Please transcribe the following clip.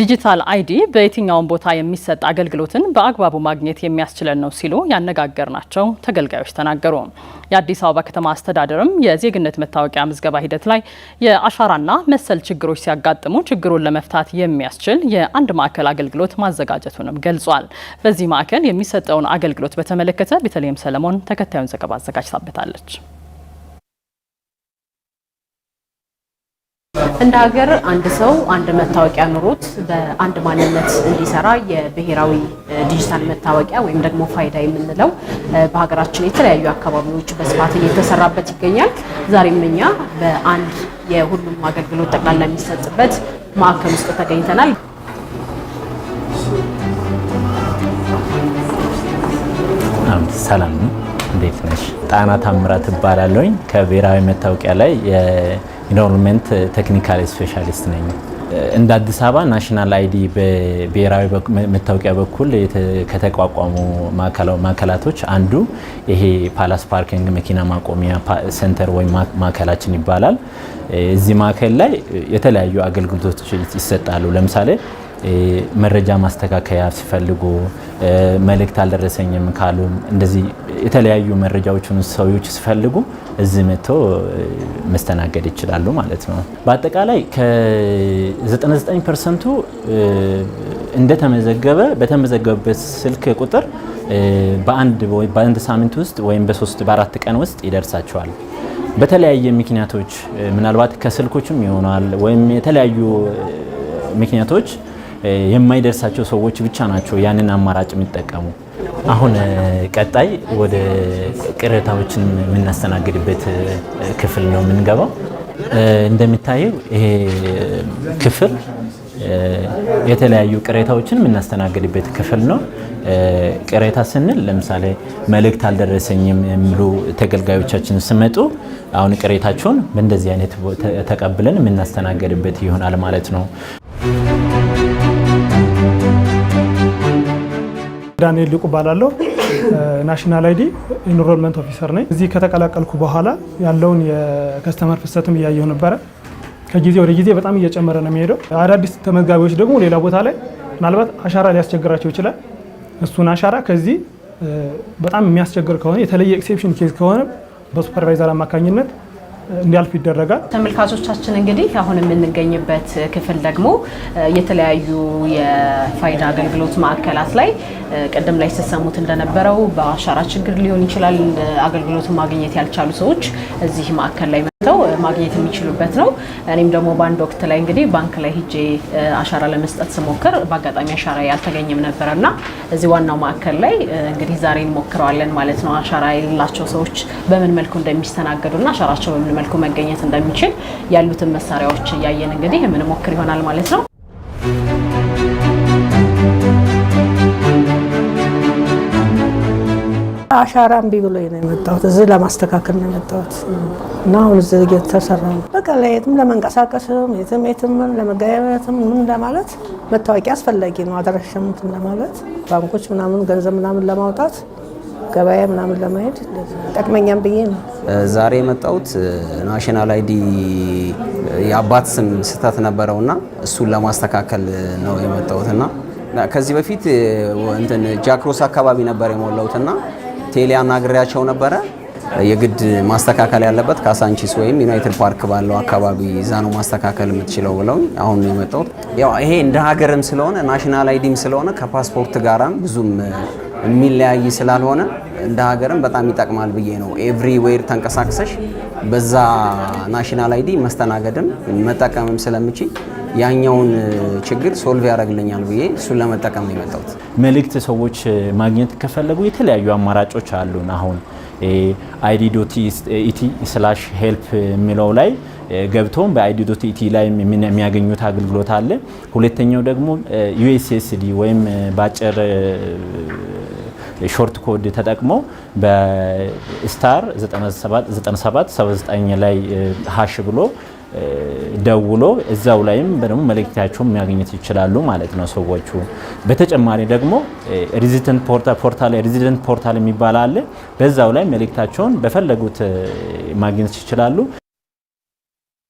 ዲጂታል አይዲ በየትኛውም ቦታ የሚሰጥ አገልግሎትን በአግባቡ ማግኘት የሚያስችለን ነው ሲሉ ያነጋገርናቸው ተገልጋዮች ተናገሩ። የአዲስ አበባ ከተማ አስተዳደርም የዜግነት መታወቂያ ምዝገባ ሂደት ላይ የአሻራና መሰል ችግሮች ሲያጋጥሙ ችግሩን ለመፍታት የሚያስችል የአንድ ማዕከል አገልግሎት ማዘጋጀቱንም ገልጿል። በዚህ ማዕከል የሚሰጠውን አገልግሎት በተመለከተ ቤተልሔም ሰለሞን ተከታዩን ዘገባ አዘጋጅታበታለች። እንደ ሀገር አንድ ሰው አንድ መታወቂያ ኑሮት በአንድ ማንነት እንዲሰራ የብሔራዊ ዲጂታል መታወቂያ ወይም ደግሞ ፋይዳ የምንለው በሀገራችን የተለያዩ አካባቢዎች በስፋት እየተሰራበት ይገኛል። ዛሬም እኛ በአንድ የሁሉም አገልግሎት ጠቅላላ የሚሰጥበት ማዕከል ውስጥ ተገኝተናል። ሰላም እንዴት ነሽ? ጣና ታምራት እባላለሁኝ። ከብሔራዊ መታወቂያ ላይ የኢንሮልመንት ቴክኒካል ስፔሻሊስት ነኝ። እንደ አዲስ አበባ ናሽናል አይዲ በብሔራዊ መታወቂያ በኩል ከተቋቋሙ ማዕከላቶች አንዱ ይሄ ፓላስ ፓርኪንግ መኪና ማቆሚያ ሴንተር ወይም ማዕከላችን ይባላል። እዚህ ማዕከል ላይ የተለያዩ አገልግሎቶች ይሰጣሉ። ለምሳሌ መረጃ ማስተካከያ ሲፈልጉ መልእክት አልደረሰኝም ካሉ እንደዚህ የተለያዩ መረጃዎችን ሰዎች ሲፈልጉ እዚህ መጥቶ መስተናገድ ይችላሉ ማለት ነው። በአጠቃላይ ከ99 ፐርሰንቱ እንደተመዘገበ በተመዘገበበት ስልክ ቁጥር በአንድ ሳምንት ውስጥ ወይም በሶስት በአራት ቀን ውስጥ ይደርሳቸዋል። በተለያየ ምክንያቶች ምናልባት ከስልኮችም ይሆናል ወይም የተለያዩ ምክንያቶች የማይደርሳቸው ሰዎች ብቻ ናቸው ያንን አማራጭ የሚጠቀሙ። አሁን ቀጣይ ወደ ቅሬታዎችን የምናስተናግድበት ክፍል ነው የምንገባው። እንደሚታየው ይሄ ክፍል የተለያዩ ቅሬታዎችን የምናስተናግድበት ክፍል ነው። ቅሬታ ስንል ለምሳሌ መልእክት አልደረሰኝም የሚሉ ተገልጋዮቻችን ስመጡ አሁን ቅሬታቸውን በእንደዚህ አይነት ተቀብለን የምናስተናገድበት ይሆናል ማለት ነው። ዳንኤል ሊቁ እባላለሁ። ናሽናል አይዲ ኢንሮልመንት ኦፊሰር ነኝ። እዚህ ከተቀላቀልኩ በኋላ ያለውን የከስተመር ፍሰትም እያየሁ ነበረ። ከጊዜ ወደ ጊዜ በጣም እየጨመረ ነው የሚሄደው። አዳዲስ ተመዝጋቢዎች ደግሞ ሌላ ቦታ ላይ ምናልባት አሻራ ሊያስቸግራቸው ይችላል። እሱን አሻራ ከዚህ በጣም የሚያስቸግር ከሆነ የተለየ ኤክሴፕሽን ኬዝ ከሆነ በሱፐርቫይዘር አማካኝነት እንዲያልፍ ይደረጋል። ተመልካቾቻችን እንግዲህ አሁን የምንገኝበት ክፍል ደግሞ የተለያዩ የፋይዳ አገልግሎት ማዕከላት ላይ ቅድም ላይ ስትሰሙት እንደነበረው በአሻራ ችግር ሊሆን ይችላል አገልግሎቱን ማግኘት ያልቻሉ ሰዎች እዚህ ማዕከል ላይ ተው ማግኘት የሚችሉበት ነው። እኔም ደግሞ በአንድ ወቅት ላይ እንግዲህ ባንክ ላይ ሂጄ አሻራ ለመስጠት ስሞክር በአጋጣሚ አሻራ ያልተገኘም ነበረ እና እዚህ ዋናው ማዕከል ላይ እንግዲህ ዛሬ እንሞክረዋለን ማለት ነው። አሻራ የሌላቸው ሰዎች በምን መልኩ እንደሚስተናገዱና አሻራቸው በምን መልኩ መገኘት እንደሚችል ያሉትን መሳሪያዎች እያየን እንግዲህ የምንሞክር ይሆናል ማለት ነው። አሻራ እምቢ ብሎ ነው የመጣሁት። እዚህ ለማስተካከል ነው የመጣሁት እና አሁን እዚህ እየተሰራ ነው። በቃ ለየትም ለመንቀሳቀስም የትም የትም ለመገበያየትም ምን ለማለት መታወቂያ አስፈላጊ ነው። አደረሸምት ለማለት ባንኮች ምናምን ገንዘብ ምናምን ለማውጣት ገበያ ምናምን ለማሄድ ጠቅመኛም ብዬ ነው ዛሬ የመጣሁት። ናሽናል አይዲ የአባት ስም ስህተት ነበረውና እሱን ለማስተካከል ነው የመጣሁትና ከዚህ በፊት እንትን ጃክሮስ አካባቢ ነበር የሞላሁትና ቴሌ አናግሬያቸው ነበረ። የግድ ማስተካከል ያለበት ካሳንቺስ ወይም ዩናይትድ ፓርክ ባለው አካባቢ ይዛ ነው ማስተካከል የምትችለው ብለው አሁን ነው የመጣሁት። ያው ይሄ እንደ ሀገርም ስለሆነ ናሽናል አይዲም ስለሆነ ከፓስፖርት ጋራም ብዙም የሚለያይ ስላልሆነ እንደ ሀገርም በጣም ይጠቅማል ብዬ ነው። ኤቭሪዌር ተንቀሳቅሰሽ በዛ ናሽናል አይዲ መስተናገድም መጠቀምም ስለምችል ያኛውን ችግር ሶልቭ ያደርግልኛል ብዬ እሱን ለመጠቀም ነው የመጣሁት። መልእክት ሰዎች ማግኘት ከፈለጉ የተለያዩ አማራጮች አሉን። አሁን አይዲ ዶት ኢቲ ስላሽ ሄልፕ የሚለው ላይ ገብቶም በአይዲ ዶት ኢቲ ላይ የሚያገኙት አገልግሎት አለ። ሁለተኛው ደግሞ ዩኤስኤስዲ ወይም በአጭር ሾርት ኮድ ተጠቅሞ በስታር 9779 ላይ ሀሽ ብሎ ደውሎ እዛው ላይም ደግሞ መልእክታቸውን ማግኘት ይችላሉ ማለት ነው ሰዎቹ። በተጨማሪ ደግሞ ሬዚደንት ፖርታል ሬዚደንት ፖርታል የሚባል አለ። በዛው ላይ መልእክታቸውን በፈለጉት ማግኘት ይችላሉ።